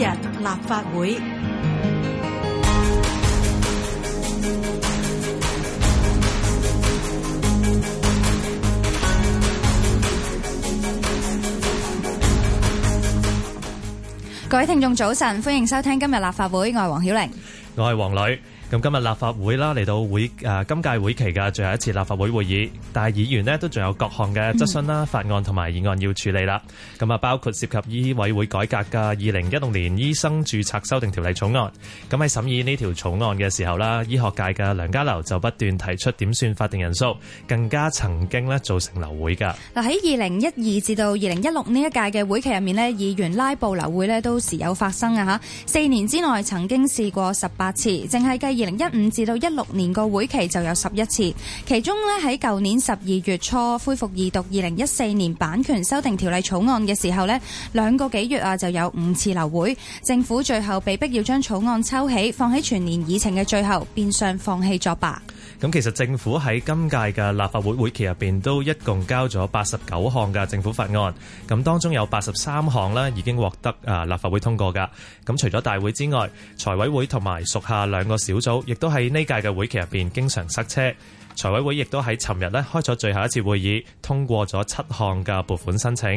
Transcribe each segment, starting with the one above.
日立法會，各位聽眾早晨，歡迎收聽今日立法會，我係黃曉玲，我係黃磊。咁今日立法會啦，嚟到會誒今屆會期嘅最後一次立法會會議，但係議員咧都仲有各項嘅質詢啦、法案同埋議案要處理啦。咁啊，包括涉及醫委會改革嘅二零一六年醫生注冊修訂條例草案。咁喺審議呢條草案嘅時候啦，醫學界嘅梁家騮就不斷提出點算法定人數，更加曾經咧造成流會噶。嗱喺二零一二至到二零一六呢一屆嘅會期入面咧，議員拉布流會咧都時有發生啊吓，四年之內曾經試過十八次，淨係計。二零一五至到一六年個會期就有十一次，其中咧喺舊年十二月初恢復二讀二零一四年版權修訂條例草案嘅時候呢，兩個幾月啊就有五次流會，政府最後被逼要將草案抽起放喺全年議程嘅最後，變相放棄作罷。咁其實政府喺今屆嘅立法會會期入邊都一共交咗八十九項嘅政府法案，咁當中有八十三項呢已經獲得啊立法會通過㗎。咁除咗大會之外，財委會同埋屬下兩個小組，亦都喺呢屆嘅會期入邊經常塞車。財委會亦都喺尋日呢開咗最後一次會議，通過咗七項嘅撥款申請。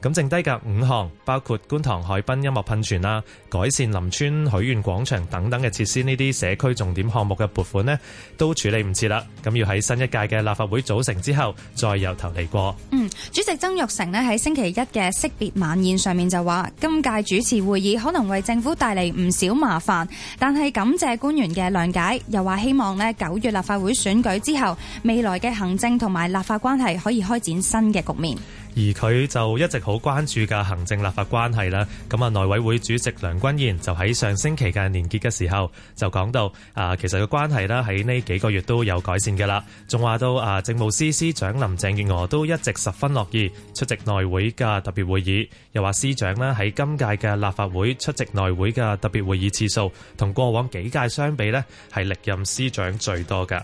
咁剩低嘅五項，包括觀塘海濱音樂噴泉啦、改善林村許願廣場等等嘅設施呢啲社區重點項目嘅撥款呢都處理唔切啦。咁要喺新一屆嘅立法會組成之後，再由頭嚟過。嗯，主席曾鈺成呢喺星期一嘅惜別晚宴上面就話，今屆主持會議可能為政府帶嚟唔少麻煩，但係感謝官員嘅諒解，又話希望呢九月立法會選舉之後，未來嘅行政同埋立法關係可以開展新嘅局面，而佢就一直好關注嘅行政立法關係啦。咁啊，內委會主席梁君彥就喺上星期嘅年結嘅時候就講到啊，其實個關係啦喺呢幾個月都有改善噶啦，仲話到啊，政務司司長林鄭月娥都一直十分樂意出席內會嘅特別會議，又話司長咧喺今屆嘅立法會出席內會嘅特別會議次數，同過往幾屆相比咧係歷任司長最多噶。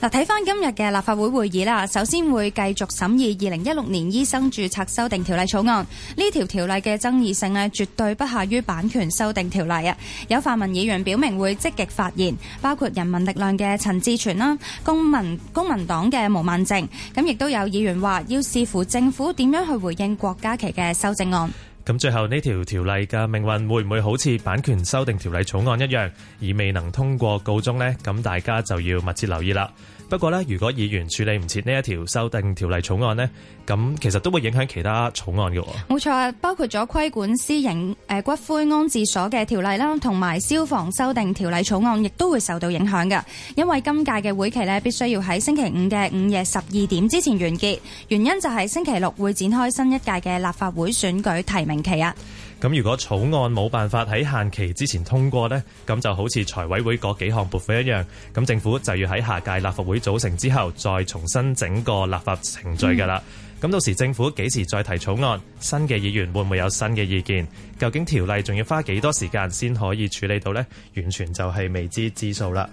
嗱，睇翻今日嘅立法會會議啦，首先會繼續審議二零一六年醫生註冊修訂條例草案。呢條條例嘅爭議性咧，絕對不下於版權修訂條例啊！有泛民議員表明會積極發言，包括人民力量嘅陳志全啦，公民公民黨嘅毛孟靜，咁亦都有議員話要視乎政府點樣去回應郭家麒嘅修正案。咁最後呢條條例嘅命運會唔會好似版權修訂條例草案一樣，而未能通過告終呢？咁大家就要密切留意啦。不過咧，如果議員處理唔切呢一條修訂條例草案咧，咁其實都會影響其他草案嘅。冇錯，包括咗規管私營、呃、骨灰安置所嘅條例啦，同埋消防修訂條例草案，亦都會受到影響嘅。因為今屆嘅會期咧，必須要喺星期五嘅午夜十二點之前完結，原因就係星期六會展開新一屆嘅立法會選舉提名期啊。咁如果草案冇辦法喺限期之前通過呢，咁就好似財委會嗰幾項撥款一樣，咁政府就要喺下屆立法會組成之後再重新整個立法程序㗎喇。咁到時政府幾時再提草案，新嘅議員會唔會有新嘅意見？究竟條例仲要花幾多時間先可以處理到呢？完全就係未知之數啦。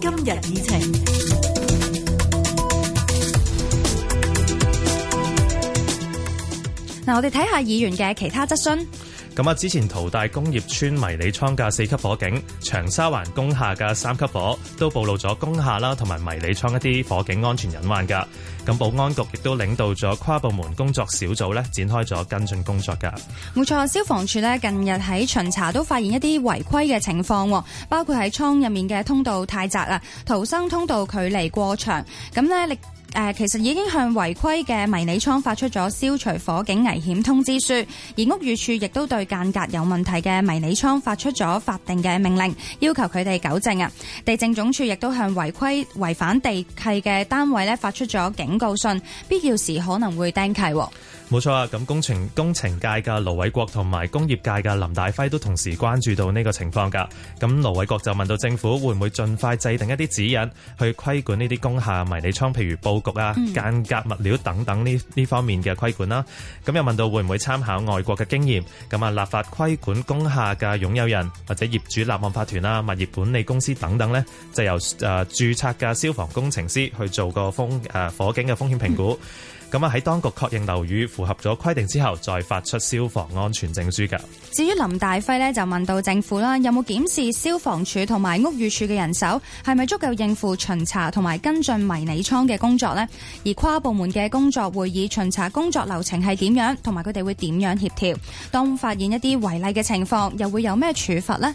今日議程。嗱，我哋睇下議員嘅其他質詢。咁啊！之前淘大工業村迷你倉嘅四級火警，長沙灣工廈嘅三級火，都暴露咗工廈啦同埋迷你倉一啲火警安全隱患噶。咁保安局亦都領導咗跨部門工作小組咧，展開咗跟進工作噶。冇錯，消防處咧近日喺巡查都發現一啲違規嘅情況，包括喺倉入面嘅通道太窄啦，逃生通道距離過長。咁咧，誒、呃，其實已經向違規嘅迷你倉發出咗消除火警危險通知書，而屋宇署亦都對間隔有問題嘅迷你倉發出咗法定嘅命令，要求佢哋糾正啊。地政總署亦都向違規違反地契嘅單位咧發出咗警告信，必要時可能會釘契。冇錯啊！咁工程工程界嘅盧偉國同埋工業界嘅林大輝都同時關注到呢個情況噶。咁盧偉國就問到政府會唔會盡快制定一啲指引去規管呢啲工廈迷你倉，譬如報。局啊，間隔物料等等呢，呢方面嘅規管啦，咁又問到會唔會參考外國嘅經驗？咁啊，立法規管工廈嘅擁有人或者業主立案法團啦，物業管理公司等等咧，就由誒註冊嘅消防工程師去做個風誒火警嘅風險評估。咁啊，喺當局確認樓宇符合咗規定之後，再發出消防安全證書噶。至於林大輝咧，就問到政府啦，有冇檢視消防署同埋屋宇署嘅人手係咪足夠應付巡查同埋跟進迷你倉嘅工作呢？而跨部門嘅工作會議巡查工作流程係點樣？同埋佢哋會點樣協調？當發現一啲違例嘅情況，又會有咩處罰呢？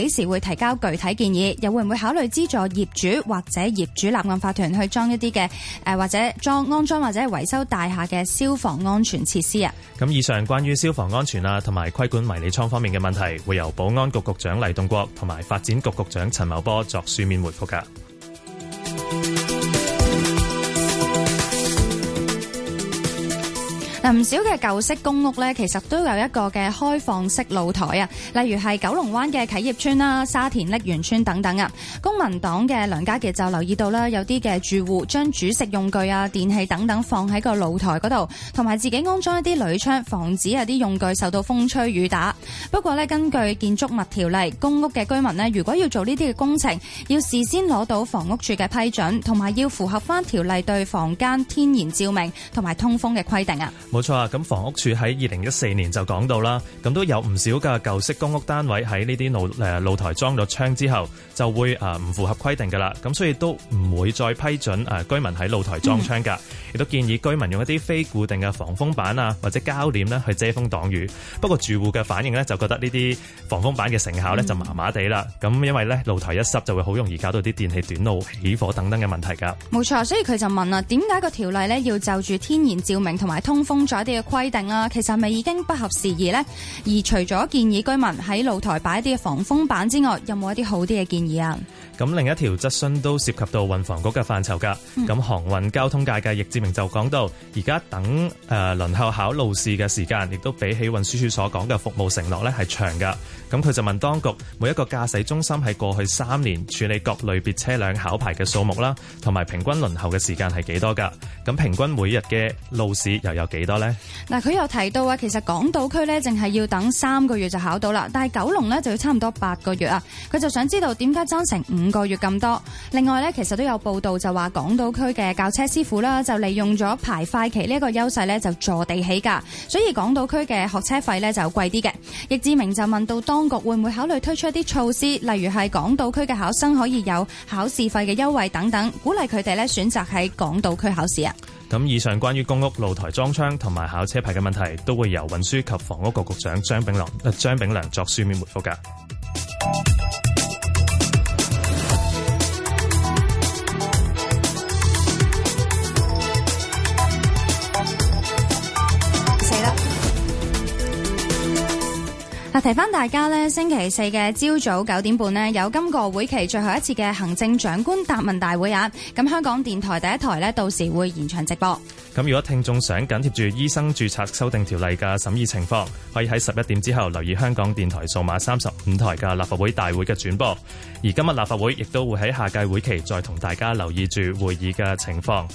幾時會提交具體建議？又會唔會考慮資助業主或者業主立案法團去裝一啲嘅，誒，或者裝安裝或者係維修大廈嘅消防安全設施啊？咁以上關於消防安全啊同埋規管迷你倉方面嘅問題，會由保安局局長黎棟國同埋發展局局長陳茂波作書面回覆㗎。嗱，唔少嘅舊式公屋咧，其實都有一個嘅開放式露台啊。例如係九龍灣嘅啟業邨啦、沙田瀝源村等等啊。公民黨嘅梁家傑就留意到啦，有啲嘅住戶將煮食用具啊、電器等等放喺個露台嗰度，同埋自己安裝一啲鋁窗，防止有啲用具受到風吹雨打。不過咧，根據建築物條例，公屋嘅居民呢，如果要做呢啲嘅工程，要事先攞到房屋署嘅批准，同埋要符合翻條例對房間天然照明同埋通風嘅規定啊。冇錯啊！咁房屋署喺二零一四年就講到啦，咁都有唔少嘅舊式公屋單位喺呢啲露誒露台裝咗窗之後，就會啊唔符合規定噶啦。咁所以都唔會再批准誒居民喺露台裝窗噶，亦、嗯、都建議居民用一啲非固定嘅防風板啊或者膠簾呢去遮風擋雨。不過住戶嘅反應呢，就覺得呢啲防風板嘅成效呢就麻麻地啦。咁、嗯、因為呢露台一濕就會好容易搞到啲電器短路、起火等等嘅問題噶。冇錯，所以佢就問啦，點解個條例呢要就住天然照明同埋通風？咗一啲嘅規定啊，其實係咪已經不合時宜咧？而除咗建議居民喺露台擺啲嘅防風板之外，有冇一啲好啲嘅建議啊？咁另一條質詢都涉及到運房局嘅範疇噶。咁航運交通界嘅易志明就講到，而家等誒輪、呃、候考路試嘅時間，亦都比起運輸署所講嘅服務承諾咧係長噶。咁佢就問當局，每一個駕駛中心喺過去三年處理各類別車輛考牌嘅數目啦，同埋平均輪候嘅時間係幾多噶？咁平均每日嘅路試又有幾？嗱，佢又提到啊，其實港島區呢，淨係要等三個月就考到啦，但係九龍呢，就要差唔多八個月啊。佢就想知道點解爭成五個月咁多？另外呢，其實都有報道就話港島區嘅教車師傅啦，就利用咗排快期呢一個優勢呢就坐地起價，所以港島區嘅學車費呢，就貴啲嘅。易志明就問到當局會唔會考慮推出一啲措施，例如係港島區嘅考生可以有考試費嘅優惠等等，鼓勵佢哋呢，選擇喺港島區考試啊。咁以上關於公屋露台裝窗同埋考車牌嘅問題，都會由運輸及房屋局局長張炳良張炳良作書面回覆㗎。提翻大家咧，星期四嘅朝早九點半咧，有今個會期最後一次嘅行政長官答問大會啊。咁香港電台第一台咧，到時會現場直播。咁如果聽眾想緊貼住醫生注冊修訂條例嘅審議情況，可以喺十一點之後留意香港電台數碼三十五台嘅立法會大會嘅轉播。而今日立法會亦都會喺下屆會期再同大家留意住會議嘅情況。